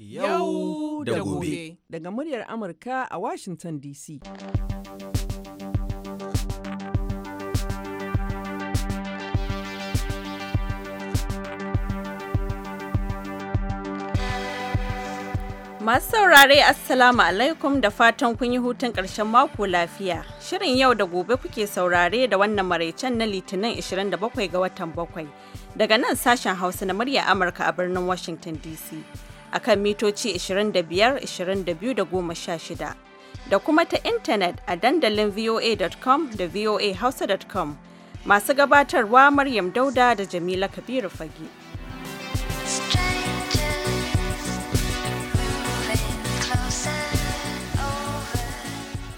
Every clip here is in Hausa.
yau da gobe daga muryar amurka a washington dc Masu saurare Assalamu alaikum da fatan kun yi hutun ƙarshen mako lafiya. Shirin yau da gobe kuke saurare da wannan maraicen na Litinin 27 ga watan 7, daga nan sashen Hausa na murya Amurka a birnin Washington DC. a kan mitoci 25, 22 da 16. Da kuma ta intanet a dandalin voa.com da voahausa.com masu gabatarwa Maryam Dauda da Jamila Kabiru Fage.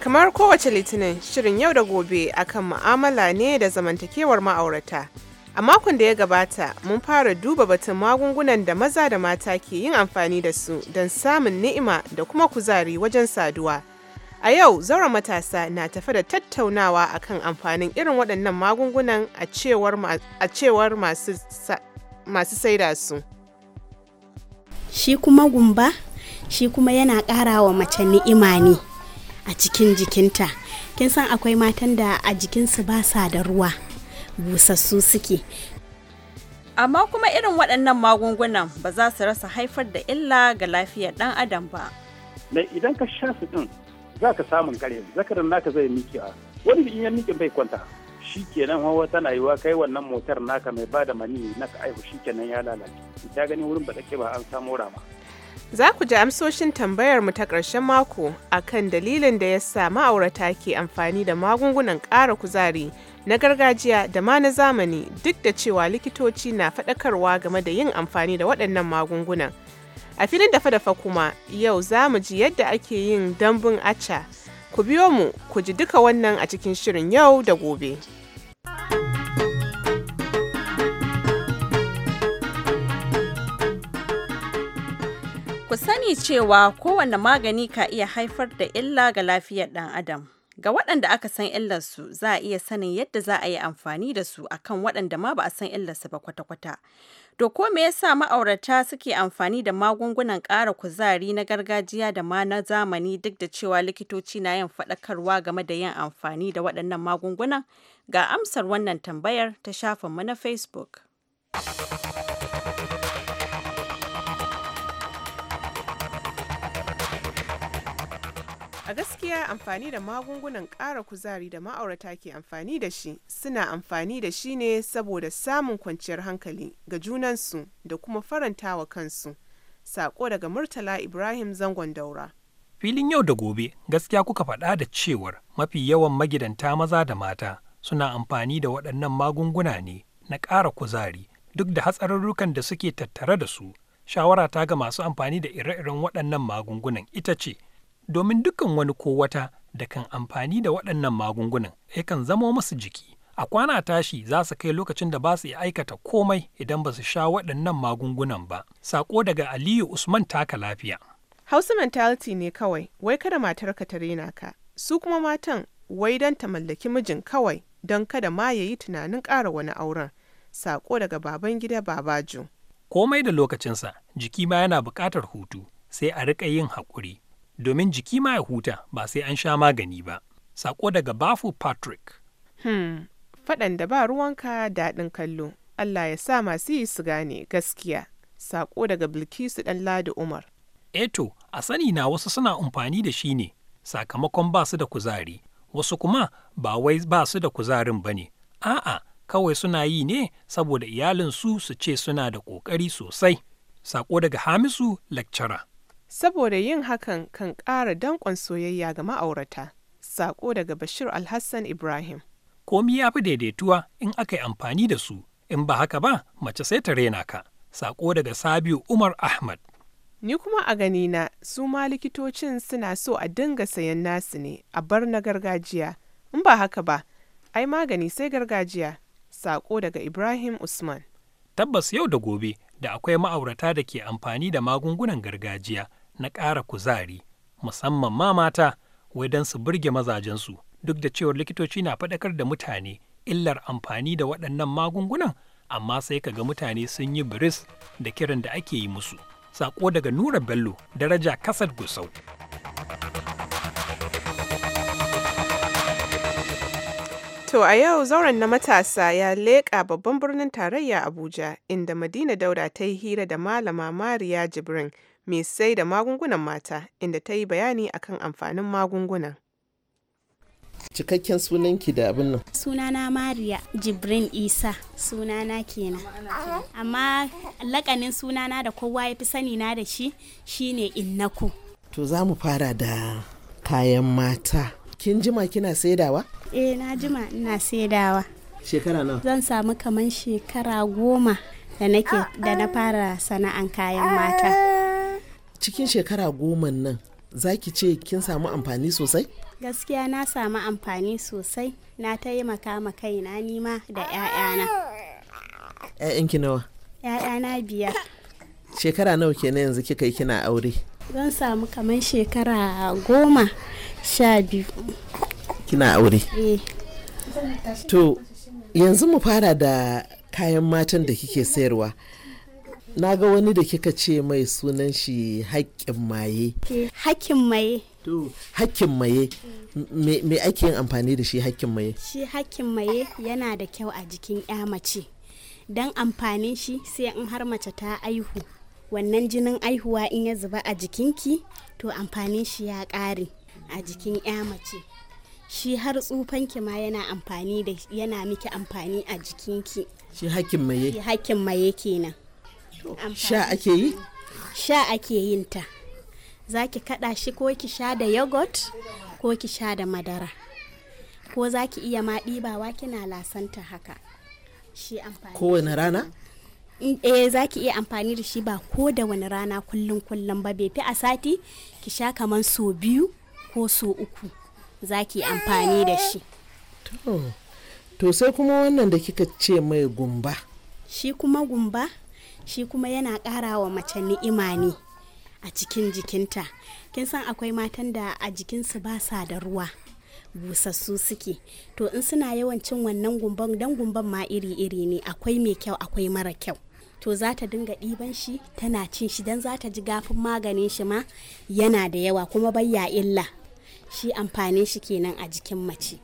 Kamar kowace litinin shirin yau da gobe akan mu'amala ne da zamantakewar ma'aurata. A makon da ya gabata, mun fara duba batun magungunan da maza da mata ke yin amfani da su don samun ni'ima da kuma kuzari wajen saduwa. A yau, zauren matasa na tafi da tattaunawa akan amfanin irin waɗannan magungunan a cewar masu saida su. Shi kuma gumba, shi kuma yana ƙara wa mace ni'ima ne a cikin jikinta. Kin san akwai matan da a jikinsu ba sa da ruwa. busassu suke amma kuma irin waɗannan magungunan ba za su rasa haifar da illa ga lafiyar ɗan adam ba mai idan ka sha su ɗin za ka samun kare zakarin naka zai miki a wani in ya miƙe bai kwanta shi kenan hawa tana yiwa kai wannan motar naka mai bada mani naka aihu shi kenan ya lalace ta gani wurin ba ba an samu rama Za ku ji amsoshin tambayarmu ta ƙarshen mako a kan dalilin da ya sa ma'aurata ke amfani da magungunan ƙara kuzari na gargajiya da ma na zamani duk da cewa likitoci na faɗakarwa game da yin amfani da waɗannan magungunan. A filin dafa-dafa kuma yau za mu ji yadda ake yin dambun aca. Ku biyo mu ku ji duka wannan a cikin shirin yau da gobe. Ku sani cewa kowane magani ka iya haifar da illa ga lafiyar ɗan adam. Ga waɗanda aka san illarsu za a iya sanin yadda za a yi amfani da su akan waɗanda ma ba a san illarsu ba kwata-kwata. To ko me yasa ma'aurata suke amfani da magungunan ƙara kuzari na gargajiya da ma na zamani duk da cewa likitoci na yin faɗakarwa game da yin amfani da waɗannan magungunan? Ga amsar wannan tambayar ta mu na Facebook. A gaskiya amfani da magungunan ƙara kuzari da ma'aurata ke amfani da shi suna amfani da shi ne saboda samun kwanciyar hankali ga junansu da kuma farantawa kansu. Sako daga Murtala Ibrahim Zangon Daura. Filin yau da gobe gaskiya kuka faɗa da cewar mafi yawan magidanta maza da mata suna amfani da waɗannan magunguna ne na ƙara kuzari duk da hatsarurrukan da suke tattare da su. Shawara ta ga masu amfani da ire-iren waɗannan magungunan ita ce domin dukkan wani ko wata da kan amfani da waɗannan magungunan yakan zamo masu jiki a kwana tashi za su kai lokacin da ba su iya aikata komai idan ba su sha waɗannan magungunan ba sako daga aliyu usman taka lafiya hausa mentality ne kawai wai kada matarka ta rena ka su kuma matan wai don ta mallaki mijin kawai don kada ma ya yi tunanin ƙara wani auren sako daga baban gida babaju komai da lokacinsa jiki ma yana buƙatar hutu sai a riƙa yin haƙuri domin jiki ma ya huta ba sai an sha magani ba. Sako daga Bafu Patrick. Hmm, faɗan da ba ruwanka daɗin kallo. Allah ya sa masu yi su gane gaskiya. Sako daga Bilkisu ɗan Ladi Umar. Eto, eh a sani na wasu suna amfani da shi ne, sakamakon ba su da kuzari. Wasu kuma ba wai ba su da kuzarin ba ne. A'a, kawai suna yi ne saboda iyalinsu su ce suna da ƙoƙari sosai. Sako daga Hamisu Lecturer. saboda yin hakan kan ƙara danƙon soyayya ga ma'aurata. Sako daga Bashir Alhassan Ibrahim. Komi ya fi daidaituwa in aka yi amfani da su, in ba haka ba mace sai ta rena ka. Sako daga Sabiu Umar Ahmad. Ni kuma a ganina su ma likitocin suna so a dinga sayan nasu ne a bar na gargajiya, in ba haka ba, ai magani sai gargajiya. Sako daga Ibrahim Usman. Tabbas yau da gobe da akwai ma'aurata da ke amfani da magungunan gargajiya na ƙara kuzari musamman ma mata wai don su burge mazajensu duk da cewar likitoci na faɗakar da mutane illar amfani da waɗannan magungunan amma sai ka ga mutane sun yi biris da kiran da ake yi musu saƙo daga nura bello daraja kasar gusau To a yau zauren na matasa ya leƙa babban birnin tarayya Abuja inda Madina Dauda ta yi hira da Malama Mariya Jibrin mai sai da magungunan mata inda ta yi bayani akan amfanin magungunan. cikakken sunanki da abin nan sunana mariya jibrin isa sunana kenan amma lakanin sunana da kowa ya fi sani na da shi shine innaku to za mu fara da kayan mata kin jima kina saidawa eh na jima ina saidawa shekara nawa zan samu kaman shekara goma da nake da na fara sana'an kayan mata cikin shekara goma nan za ki ce kin samu amfani sosai? Gaskiya na samu amfani sosai na taimaka ma kaina nima da 'ya'yana. 'Ya'yanki nawa? 'Ya'yana biyar. Shekara nawa kenan yanzu kika yi kina aure? Zan samu kamar shekara goma sha biyu. Kina aure? Eh. To yanzu mu fara da kayan matan da kike sayarwa. na ga wani da kika ce mai sunan shi haƙƙin maye haƙƙin maye haƙƙin maye me ake yin amfani da shi haƙƙin maye shi haƙƙin maye yana da kyau a jikin ya mace don amfanin shi sai in har mace ta aihu wannan jinin aihuwa in ya zuba a jikinki to amfanin shi ya ƙare a jikin ya mace shi har tsufanki ma yana amfani da yana miki amfani a jikinki shi haƙƙin maye haƙƙin maye kenan sha ake yi sha ake yin ta za ki kaɗa shi ko ki sha da yogurt ko ki sha da madara ko za ki iya ma ɗibawa kina lasanta haka shi amfani kowane rana eh za ki iya amfani da shi ba ko da wani rana kullum kullum ba bai fi a sati ki sha kamar so biyu ko so uku za ki amfani da shi to sai kuma wannan da kika ce mai gumba shi kuma gumba shi kuma yana ƙara wa mace ni'ima ne a cikin jikinta kin san akwai matan da a jikinsu ba sa da ruwa busassu suke to in suna yawan cin wannan gumban dan gumban ma iri-iri ne akwai mai kyau akwai mara kyau to za ta dinga ɗiban shi tana cin shi don za ta ji gafin maganin shi ma yana da yawa kuma bayya illa shi amfanin shi kenan a jikin mace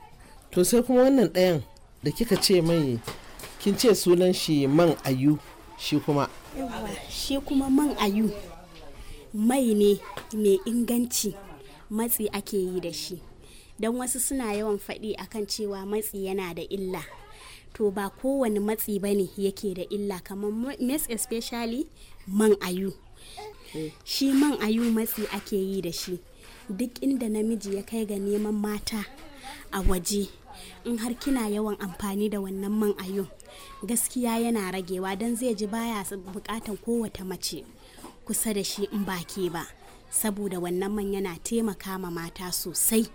to sai kuma wannan ɗayan da kika ce mai kin ce sunan shi man ayu shi kuma shi kuma man ayu mai ne mai inganci matsi ake yi da shi don wasu suna yawan faɗi akan cewa matsi yana da illa to ba kowane matsi ba ne yake da illa kamar mes especially man ayu eh. shi man ayu matsi ake yi da shi duk inda namiji ya kai ga neman mata a waje in har kina yawan amfani da wannan man ayu. gaskiya yana ragewa don zai ji baya bukatan kowata mace kusa da shi in baki ba saboda wannan man yana taimaka ma mata sosai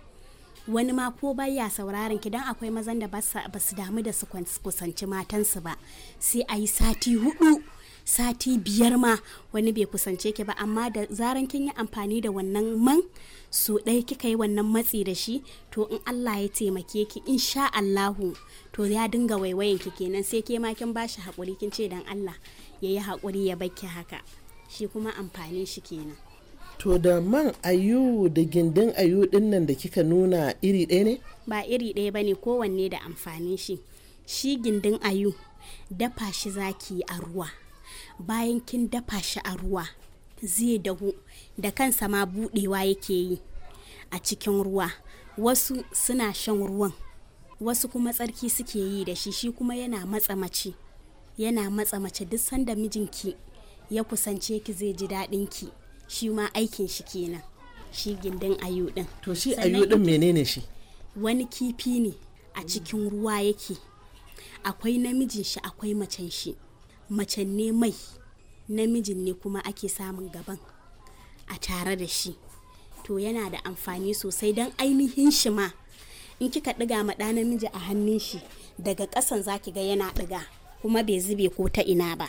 wani ma ko baya sauraron kidan akwai mazan da ba su damu da su kusanci matansu ba sai a yi sati hudu sati biyar ma wani bai kusance ki ba amma da zaran kin yi amfani da wannan man su ɗaya kika yi wannan matsi da shi to in Allah ya taimake ki insha Allahu to ya dinga waiwayen ki kenan sai ke ma kin bashi haƙuri kin ce dan Allah ya yi haƙuri ya bakki haka shi kuma amfani shi kenan to da man ayu da gindin ayu din nan da kika nuna iri ɗaya ne ba iri ɗaya bane kowanne da amfanin shi shi gindin ayu dafa shi zaki a ruwa bayan kin dafa shi a ruwa zai dahu da kansa ma budewa yake yi a cikin ruwa wasu suna shan ruwan wasu kuma tsarki suke yi da shi shi kuma yana matsa mace yana matsa mace duk sanda mijinki ya kusance ki zai ji daɗin ki shi ma aikin shi kenan shi gindin ayu to shi menene shi wani kifi ne a cikin ruwa yake akwai namijin shi akwai macen shi macen ne mai namijin ne kuma ake samun gaban a tare da shi to yana da amfani sosai don ainihin shi ma in kika ɗiga ma ɗa namiji a hannun shi daga ƙasan ki ga yana ɗiga kuma bai zube ko ta ina ba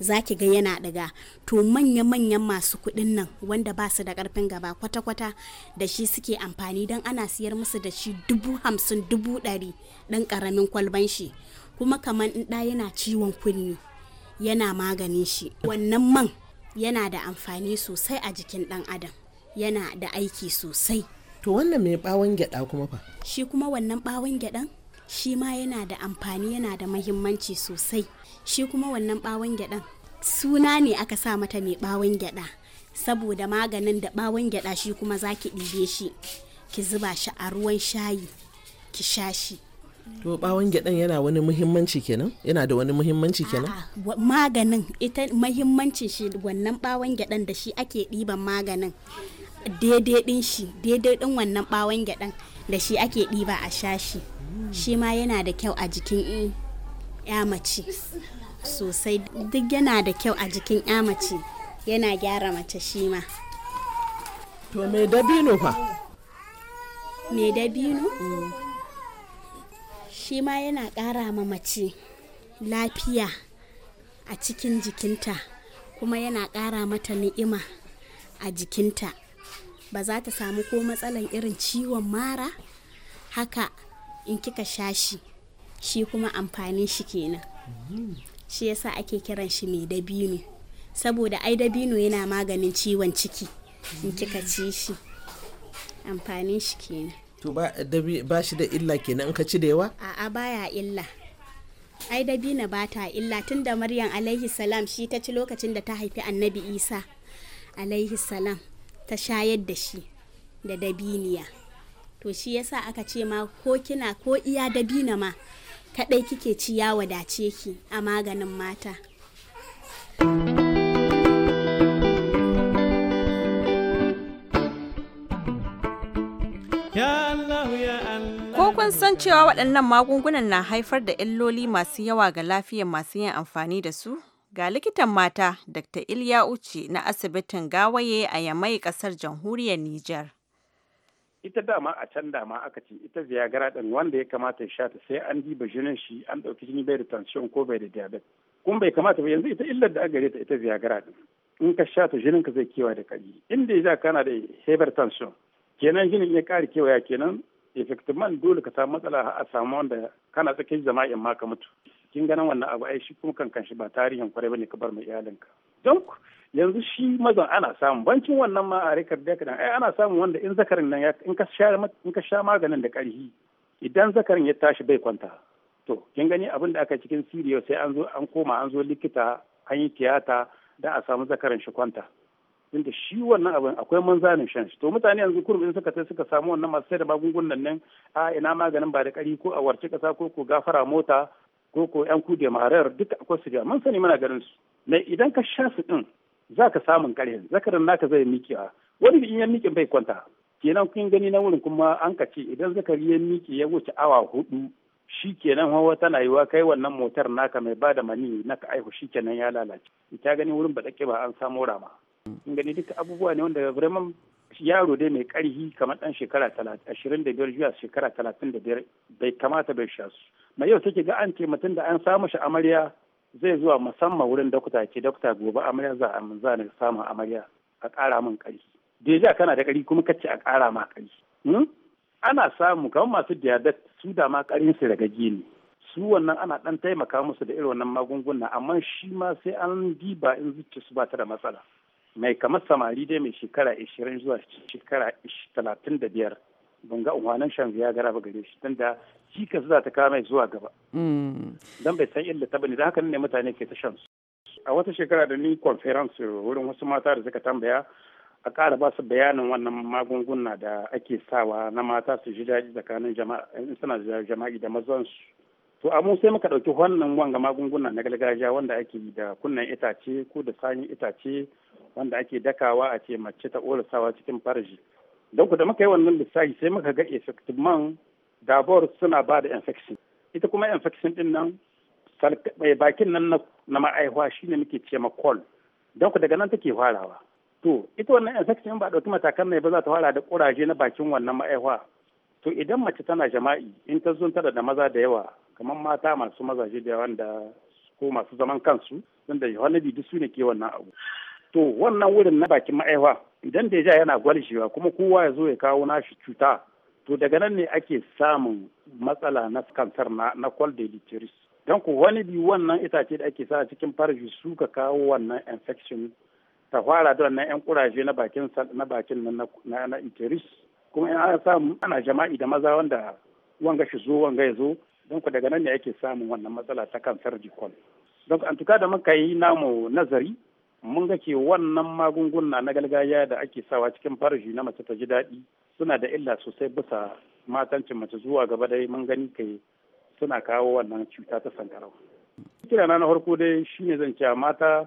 za ki ga yana ɗiga to manya-manyan masu kuɗin nan wanda ba su da ƙarfin gaba kwata-kwata da shi suke amfani don ana siyar musu da shi dubu hamsin dubu ɗari ɗan ƙaramin kwalban shi kuma kamar in ɗa yana ciwon kunni yana maganin shi wannan man yana da amfani sosai a jikin dan adam yana da aiki sosai to wannan mai bawon gyada kuma fa shi kuma wannan bawon gyadan shi ma yana da amfani yana da mahimmanci sosai shi kuma wannan bawon gyadan suna ne aka sa mata mai bawon gyada saboda maganin da bawon gyada shi kuma za ki ɗibe shi ki zuba shi a ruwan shayi ki sha shi to bawon gyaɗan yana wani muhimmanci kenan yana da wani muhimmanci kenan maganin ita muhimmancin shi wannan bawon gyaɗan da shi ake ɗiban maganin daidai din shi daidai din wannan bawon gyaɗan da shi ake ɗiba a shashi shi ma yana da kyau a jikin ya mace sosai duk yana da kyau a jikin ya mace yana gyara mace shi ma to me dabino fa me dabino mm. shi ma yana ƙara ma mace lafiya a cikin jikinta kuma yana ƙara mata ni'ima a jikinta ba za ta samu ko matsalan irin ciwon mara haka in kika sha shi shi kuma amfanin shi kenan shi yasa ake kiran shi mai dabino saboda ai dabino yana maganin ciwon ciki in kika ci shi amfanin shi kenan to ba shi da illa kenan in ka ci da yawa a'a baya illa ai dabina ba ta illa tun da maryam alaihi salam shi ta ci lokacin da ta haifi annabi isa alaihi salam ta shayar da shi da dabiniya to shi yasa aka ce ma ko kina ko iya dabina ma kadai kike ci ya wadace ki a maganin mata mun san cewa waɗannan magungunan na haifar da illoli masu yawa ga lafiyar masu yin amfani da su? Ga likitan mata Dr. Ilya Uche na asibitin Gawaye a Yamai ƙasar jamhuriyar Nijar. Ita dama a can dama aka ce ita ziyagara ɗin wanda ya kamata ya shata sai an diba jinin shi an ɗauki jini bai da tension ko bai da diabetes. Kuma bai kamata ba yanzu ita illar da aka ta ita ziyagara ɗin. In ka shata jinin ka zai kewa da kari. Inda ya kana da hypertension kenan jinin ya ƙara kewaya kenan effectivement dole ka samu matsala a samu wanda kana tsakin jama'in ma ka mutu kin ganin wannan abu ai shi kuma kankan shi ba tarihin kwarai bane ka bar mai iyalinka don yanzu shi mazan ana samu bancin wannan ma a rikar da kadan ai ana samu wanda in zakarin nan in ka sha in ka sha maganin da karhi idan zakarin ya tashi bai kwanta to kin gani abin da aka cikin siriyo sai an zo an koma an zo likita an yi tiyata da a samu zakarin shi kwanta inda shi wannan abin akwai manzanin shan shi to mutane yanzu kurum in suka suka samu wannan masu sai da magungunan nan a ina maganin ba da kari ko a warce kasa ko ko gafara mota ko ko yan kude marar duka akwai su mun sani muna ganin su na idan ka sha su din zaka samun kare zakarin naka zai a wani in ya miƙe bai kwanta kenan kun gani na wurin kuma an ka ce idan zakari ya miki ya wuce awa hudu shi kenan hawa tana yiwa kai wannan motar naka mai bada mani naka aihu shi kenan ya lalace ita gani wurin ba ba an samo rama kin gani duka abubuwa ne wanda vraiment yaro dai mai karhi kamar dan shekara ashirin da biyar zuwa shekara talatin da biyar bai kamata bai sha su mai yau take ga an ce mutum da an samu shi amarya zai zuwa musamman wurin dakuta ke dakuta gobe amarya za a za zanen samun amarya a ƙara min karhi deja kana da karhi kuma kace a kara ma karhi hmm? ana samu kamar masu diabetes su da ma ƙarin su daga gini su wannan ana ɗan taimaka musu da irin wannan magunguna amma shi ma sai an diba in zuciya su ba ta da matsala mai kamar samari dai mai shekara 20 zuwa shekara 35 ban ga unwanan shan gara ba gare shi tunda cikas za ta kawo mai zuwa gaba mm. don bai san illa ta bane da haka ne mutane ke ta shan su a wata shekara da ni conference wurin wasu mata da suka tambaya a ƙara ba su bayanin wannan magunguna da ake sawa na mata su ji daji tsakanin jama'a suna jama'i da mazan su to amma sai muka ɗauki wannan wanga magunguna na gargajiya wanda ake yi da kunnan itace ko da sanyin itace wanda ake dakawa a ce mace ta ƙorasawa cikin farji don ku da muka yi wannan lissafi sai muka ga effectivement dabor suna ba da infection ita kuma infection din nan mai bakin nan na ma'aihuwa shine muke ce ma call don ku daga nan take farawa to ita wannan infection ba ɗauki matakan ne ba za ta fara da ƙuraje na bakin wannan ma'aihuwa to idan mace tana jama'i in ta zunta da maza da yawa kamar mata masu mazaje da yawa da ko masu zaman kansu wanda wani duk su ne ke wannan abu to wannan wurin na bakin ma'aifa idan deja yana gwalishewa kuma kowa ya zo ya kawo nashi cuta to daga nan ne ake samun matsala na kansar na, na da litiris. don ku wani bi wannan itace da ake sa cikin farji su ka kawo wannan infection ta fara da wannan yan kuraje na bakin na bakin na na, na kuma in samu ana jama'i da maza wanda wanga shi zo wanga ya zo don ku daga nan ne ake samun wannan matsala ta kansar jikon don an tuka da muka yi namu nazari mun ga ke wannan magunguna na gargajiya da ake sawa cikin farashi na mace ta ji daɗi suna da illa sosai bisa matancin mace zuwa gaba dai mun gani kai suna kawo wannan cuta ta sankarau. kira na na farko dai ne zan cewa mata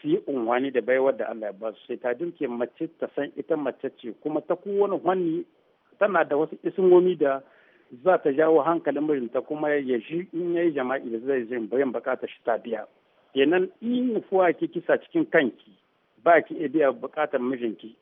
su yi unwani da baiwar da Allah ya ba su sai ta dinke mace ta san ita mace ce kuma ta kowane hanni tana da wasu isingomi da za ta jawo hankalin mijinta kuma ya ji in yayi jama'i da zai zai bayan bukatar shi ta biya kenan in fuwa ki kisa cikin kanki ba ki iya biya bukatar mijinki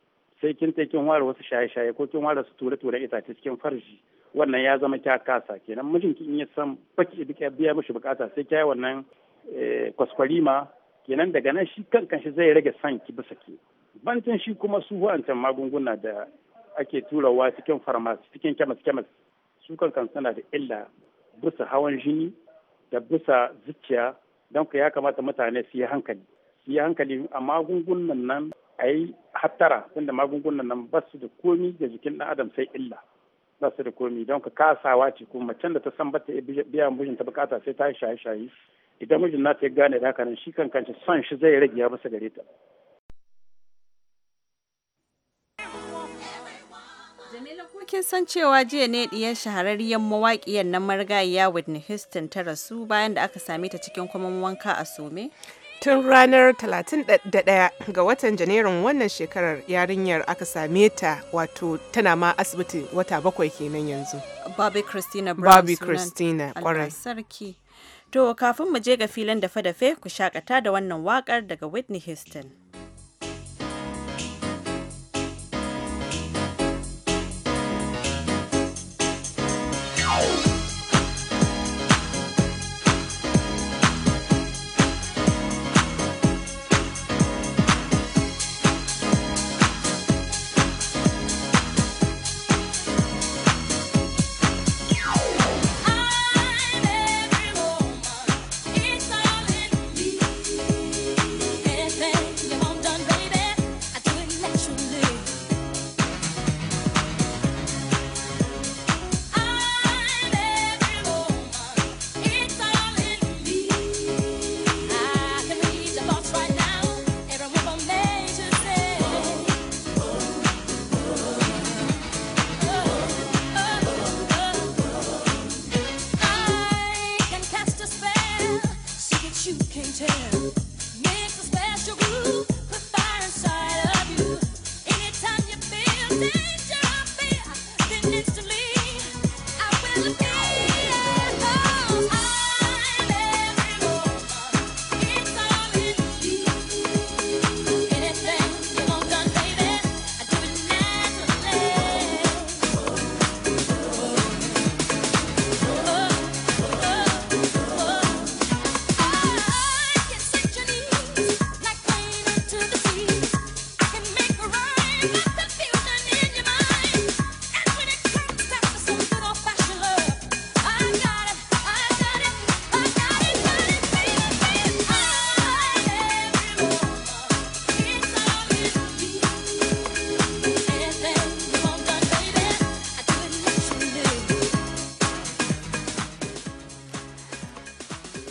sai kin ta kin ware wasu shaye-shaye ko kin ware su ture-ture itace cikin farji wannan ya zama kya kasa kenan mijinki in ya san baki iya biya mishi bukata sai kya wannan eh, kwaskwarima kenan daga nan shi kankan shi zai rage san ki bisa ki bantan shi kuma su wa'ancan magunguna da ake turawa cikin farmasi cikin kemis kemis su kankan suna da illa bisa hawan jini da bisa zuciya don ya kamata mutane su yi hankali su yi hankali a magungunan nan a yi hattara tunda magungunan nan ba su da komi ga jikin ɗan adam sai illa ba su da komi don ka kasawa ce kuma macen da ta san ba ta biya mijin ta bukata sai ta yi shaye-shaye idan mijin na ta gane da haka nan shi kan son shi zai rage ya bisa gare ta kin san cewa jiya ne diyan shahararriyar mawaƙiyar nan marigayiya Whitney Houston ta rasu bayan da aka same ta cikin kwamon wanka a some? Tun ranar 31 ga watan Janairun wannan shekarar yarinyar aka same ta wato tana ma asibiti wata bakwai kenan yanzu. Bobby Christina Brown. Bobby Christina, sarki. To, kafin mu je ga filin dafe-dafe ku shakata da wannan wakar daga Whitney Houston.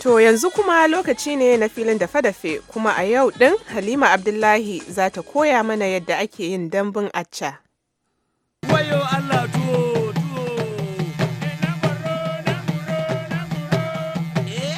To yanzu kuma lokaci ne na filin dafe-dafe kuma a yau ɗin Halima Abdullahi za ta koya mana yadda ake yin dambun acca. Eh.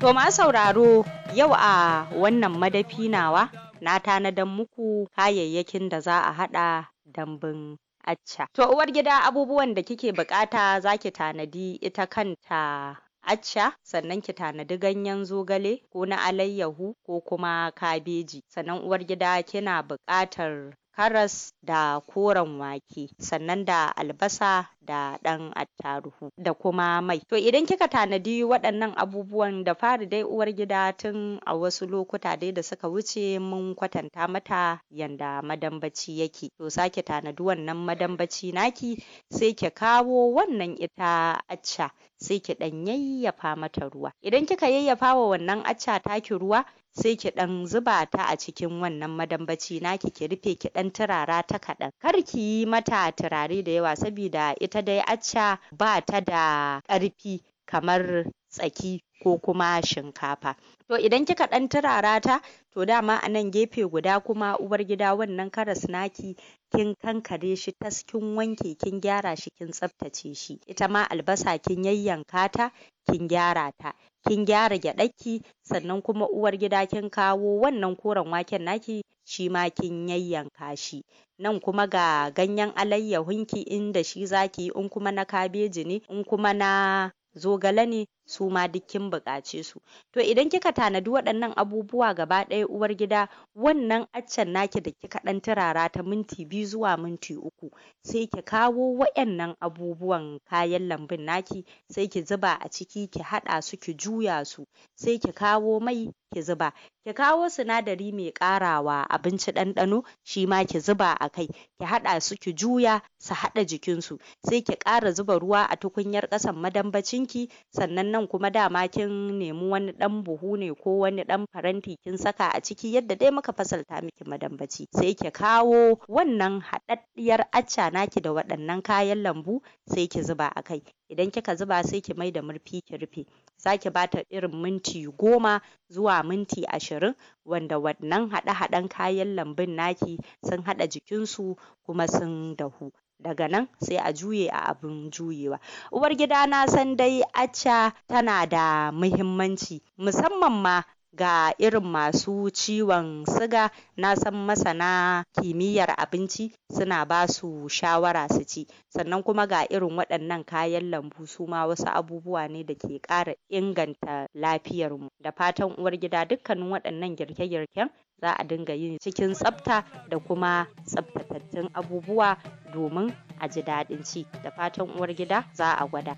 To ma sauraro yau a wannan madafi nawa na tanadan muku kayayyakin da za a haɗa dambun acca. To uwar gida abubuwan da kike bukata zaki tanadi ita kanta acca sannan ki tanadi ganyen zogale ko na alayyahu ko kuma kabeji sannan uwar gida kina buƙatar karas da koren wake sannan da albasa da ɗan attaruhu da kuma mai to idan kika tanadi waɗannan abubuwan da fari dai uwar gida tun a wasu lokuta dai da suka wuce mun kwatanta mata yanda madambaci yake to sake tanadi wannan madambaci naki sai ki kawo wannan ita acca sai ki ɗan yayyafa mata ruwa idan kika yayyafa wa wannan acca taki ruwa sai ki ɗan zuba ta a cikin wannan madambaci naki ki rufe ki ɗan turara ta kaɗan kar ki yi mata turare da yawa sabida ita ita dai acca ba ta da ƙarfi kamar tsaki ko kuma shinkafa to idan kika ɗan turara ta to dama a nan gefe guda kuma uwar gida wannan karas naki kin kankare shi tas kin wanke kin gyara shi kin tsaftace shi ita ma albasa kin yayyanka ta kin gyara ta kin gyara ki, sannan kuma uwar gida kin kawo wannan koren waken naki shi ma kin yayyanka shi nan kuma ga ganyen alayyahunki inda shi zaki yi in kuma na kabeji ne in kuma na zogale ne su ma duk kin buƙace su to idan kika tanadi waɗannan abubuwa gaba ɗaya uwar gida wannan accen naki da kika ɗan turara ta minti biyu zuwa minti uku sai ki kawo waɗannan abubuwan kayan lambun naki sai ki zuba a ciki ki haɗa su ki juya su sai ki kawo mai ki zuba ki kawo sinadari mai ƙarawa abinci ɗanɗano shi ma ki zuba a kai ki haɗa su ki juya su haɗa jikinsu sai ki ƙara zuba ruwa a tukunyar ƙasan madambacinki sannan na nan kuma dama kin nemi wani ɗan buhu ne ko wani ɗan faranti kin saka a ciki yadda dai muka fasalta miki madambaci sai ki kawo wannan haɗaɗɗiyar acca naki da waɗannan kayan lambu sai ki zuba a kai idan kika zuba sai ki mai da murfi ki rufe sake bata irin minti goma zuwa minti ashirin wanda wannan haɗe-haɗen kayan lambun naki sun haɗa jikinsu kuma sun dahu daga nan sai a juye a abin juyewa uwar gida na san dai acca tana da muhimmanci musamman ma ga irin masu ciwon siga na san masana kimiyyar abinci suna ba su shawara su ci sannan kuma ga irin waɗannan kayan lambu su ma wasu abubuwa ne da ke ƙara inganta lafiyarmu da fatan uwar gida, dukkanin waɗannan girke-girken za a dinga yin cikin tsafta da kuma tsaftatattun abubuwa domin a ji daɗin ci da fatan uwar gida, za a gwada.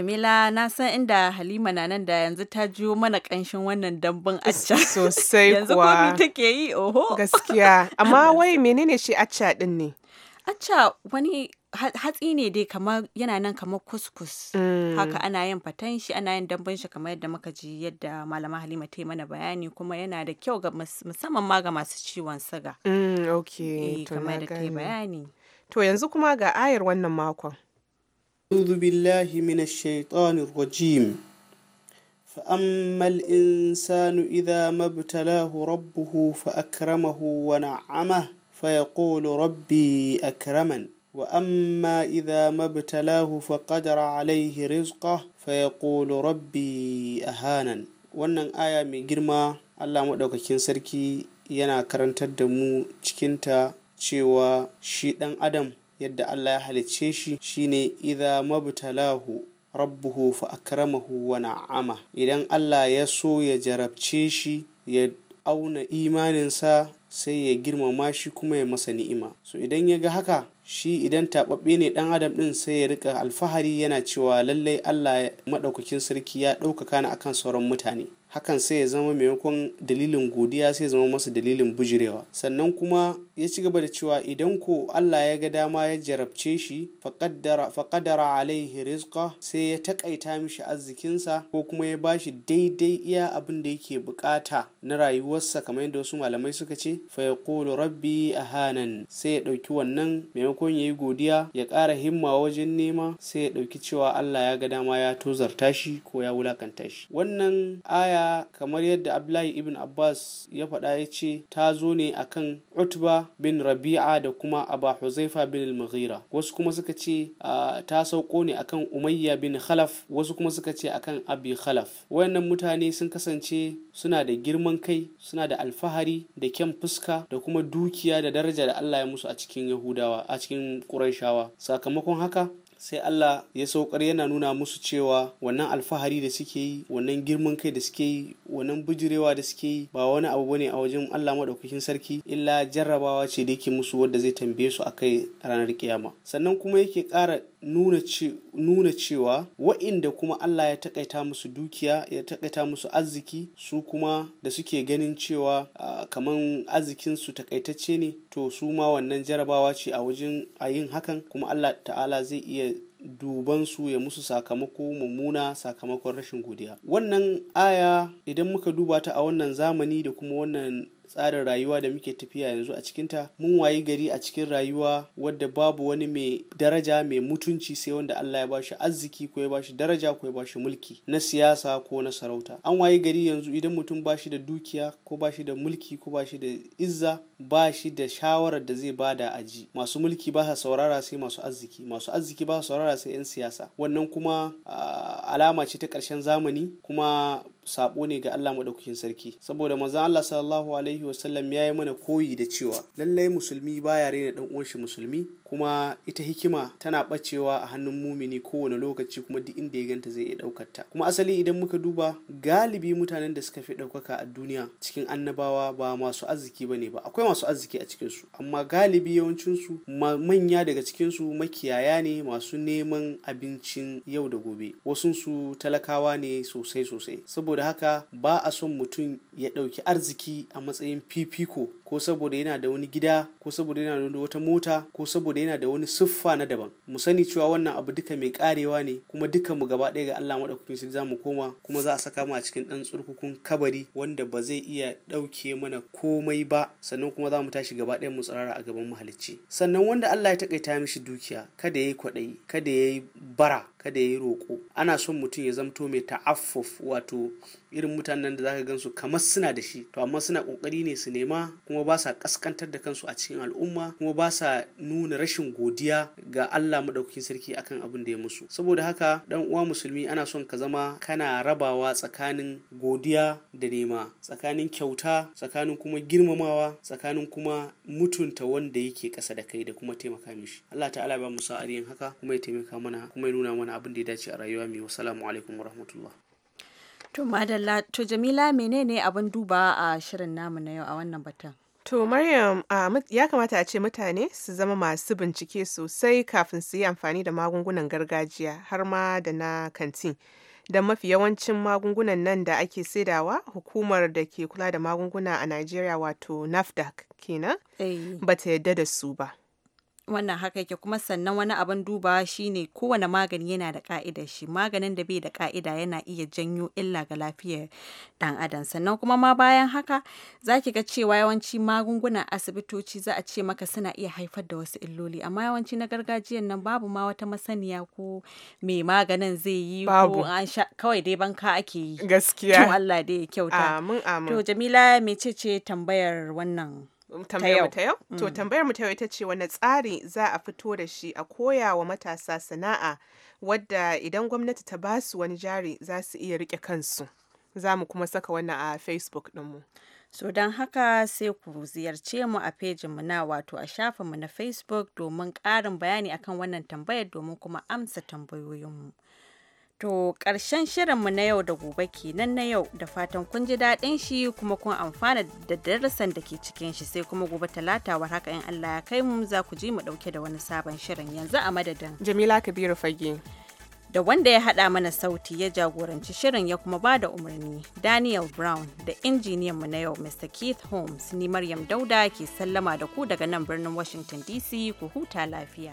Jamila na san inda Halima na nan da yanzu ta jiyo mana kanshin wannan dambun acca. Sosai kuwa. ko take yi oho. Gaskiya. Amma wai menene shi acca din ne? Acca wani hatsi ne dai kamar yana nan kamar kuskus mm. haka ana yin fatan shi ana yin dambun shi kamar yadda muka ji yadda malama halima ta yi mana bayani kuma yana da kyau ga musamman ma ga masu ciwon siga mm, okay. Eh, kamar da ta yi bayani to yanzu kuma ga ayar wannan makon أعوذ بالله من الشيطان الرجيم فأما الإنسان إذا ما ابتلاه ربه فأكرمه ونعمه فيقول ربي أكرمن وأما إذا ما ابتلاه فقدر عليه رزقه فيقول ربي أهانا wannan aya mai girma Allah maɗaukakin sarki yana karantar da mu cikinta cewa shi ɗan adam yadda Allah ya halicce shi shine idza mabtalahu rabbuhu fa akramahu wa na'ama idan Allah ya so ya jarabce shi ya auna imaninsa sai ya girmama shi kuma ya masa ni'ima so idan ya ga haka shi idan taɓaɓɓe ne ɗan adam ɗin sai ya rika alfahari yana cewa lallai allah maɗaukakin sarki ya ɗaukaka ni akan sauran mutane hakan sai ya zama maimakon dalilin godiya sai ya zama masa dalilin bujirewa sannan kuma ya ci gaba da cewa idan ko Allah ya ga dama ya jarabce shi faƙadara alaihi rizqa sai ya taƙaita mishi arzikinsa ko kuma ya bashi daidai iya abin da yake buƙata na rayuwarsa kamar yadda wasu malamai suka ce fa yaqulu rabbi ahanan sai ya ɗauki wannan maimakon yayi godiya ya ƙara himma wajen nema sai ya ɗauki cewa Allah ya ga dama ya tozarta shi ko ya wulakanta shi wannan aya kamar yadda Abdullahi ibn Abbas ya faɗa ya ce ta zo ne akan Utba bin rabi'a da kuma aba huzaifa bin al-mughira wasu kuma suka ce ta sauko ne akan umayya bin khalaf wasu kuma suka ce akan abi khalaf wayannan mutane sun kasance suna da girman kai suna da alfahari da kyan fuska da kuma dukiya da daraja da Allah ya musu a cikin yahudawa a cikin qurayshawa sakamakon haka sai Allah ya saukar yana nuna musu cewa wannan alfahari da suke yi wannan girman kai da suke yi wannan bijirewa da suke yi ba wani abu bane a wajen Allah madaukakin sarki illa jarrabawa ce da yake musu wadda zai tambaye su akai ranar kiyama sannan kuma yake ƙara nuna cewa wa'inda kuma Allah ya takaita musu dukiya ya takaita musu arziki su kuma da suke ganin cewa kaman su takaitacce ne to su ma wannan jarabawa ce a wajen a yin hakan kuma Allah ta'ala zai iya duban su ya musu sakamako mummuna sakamakon rashin godiya wannan aya idan muka duba ta a wannan zamani da kuma wannan tsarin rayuwa da muke tafiya yanzu a cikinta mun wayi gari a cikin rayuwa wadda babu wani mai daraja mai mutunci sai wanda Allah ya bashi arziki ko ya bashi daraja ko ya bashi mulki na siyasa ko na sarauta an wayi gari yanzu idan mutum bashi da dukiya ko bashi da mulki ko bashi da izza bashi da shawarar da zai bada aji masu mulki ba sa saurara sai masu arziki masu arziki ba sa saurara sai 'yan siyasa wannan kuma ah, alama ce ta karshen zamani kuma sabo ne ga Allah madaukakin sarki saboda manzon Allah sallallahu alaihi wasallam ya yi mana koyi da cewa lallai musulmi baya raina dan uwan shi musulmi kuma ita hikima tana bacewa a hannun mumini kowane lokaci kuma duk inda ya ganta zai iya daukar ta kuma asali idan muka duba galibi mutanen da suka fi ɗaukaka a duniya cikin annabawa ba masu arziki bane ba akwai masu arziki a cikin su amma galibi yawancin su manya daga cikin su makiyaya ne masu neman abincin yau da gobe wasun su talakawa ne sosai sosai saboda haka ba a son mutum ya ɗauki arziki a matsayin fifiko ko saboda yana da wani gida ko saboda yana da wata mota ko saboda yana da wani siffa na daban mu sani cewa wannan abu duka mai karewa ne kuma duka mu gaba ɗaya ga Allah madaukakin shi za mu koma kuma za a saka mu a cikin dan tsurkukun kabari wanda ba zai iya ɗauke mana komai ba sannan kuma za mu tashi gaba ɗaya mu tsirara a gaban mahalicci sannan wanda Allah ya takaita mishi dukiya kada yayi kwaɗayi kada yayi bara kada ya yi roƙo ana son mutum ya zamto mai ta'affuf wato irin mutanen da zaka gansu kamar suna da shi to amma suna kokari ne su nema kuma ba sa kaskantar da kansu a cikin al'umma kuma ba sa nuna rashin godiya ga Allah madaukakin sarki akan abin da ya musu saboda haka dan uwa musulmi ana son ka zama kana rabawa tsakanin godiya da nema tsakanin kyauta tsakanin kuma girmamawa tsakanin kuma mutunta wanda yake kasa da kai da kuma taimaka mishi Allah ta'ala ba mu sa'ariyin haka kuma ya taimaka mana kuma ya nuna mana wani abin da ya dace a rayuwa mai wasalamu alaikum wa rahmatullah to madalla to jamila menene abin duba a shirin namu na yau a wannan batun To Maryam ya kamata a ce mutane su zama masu bincike sosai kafin su yi amfani da magungunan gargajiya har ma da na kantin. Da mafi yawancin magungunan nan da ake saidawa hukumar da ke kula da magunguna a Najeriya wato NAFDAC kenan eh. ba ta yadda da su ba. wannan haka yake kuma sannan wani abin dubawa shine kowane magani yana da ka'idar shi maganin da bai da ka'ida yana iya janyo illa ga lafiyar dan adam sannan kuma ma bayan haka zaki ga cewa yawanci magungunan asibitoci za a ce maka suna iya haifar da wasu illoli amma yawanci na gargajiyan nan babu ma wata masaniya ko mai maganin zai yi ko an sha kawai dai banka ake yi gaskiya to Allah dai ya kyauta amin amin to Jamila ce tambayar wannan tambayar mu ta yau to mm. tambayar mu ta yau ita ce wani tsari za a fito da shi a koya wa matasa sana'a wadda idan gwamnati ta ba su wani jari za su iya rike kansu za mu kuma saka wannan a facebook ɗinmu. so don haka sai ku ziyarce mu a mu na wato a mu na facebook domin karin bayani akan wannan tambayar domin kuma amsa tambayoyinmu. To ƙarshen shirinmu na yau da gobe kenan na yau da fatan kun ji daɗin shi kuma kun amfana da darasan da ke cikin shi sai kuma gobe talata war haka in Allah ya kai mu za ku ji mu ɗauke da wani sabon shirin yanzu a madadin. Jamila Kabiru Fage. Da wanda ya haɗa mana sauti ya jagoranci shirin ya kuma ba da umarni Daniel Brown da injiniyan mu na yau Mr. Keith Holmes ni Maryam Dauda ke sallama da ku daga nan birnin Washington DC ku huta lafiya.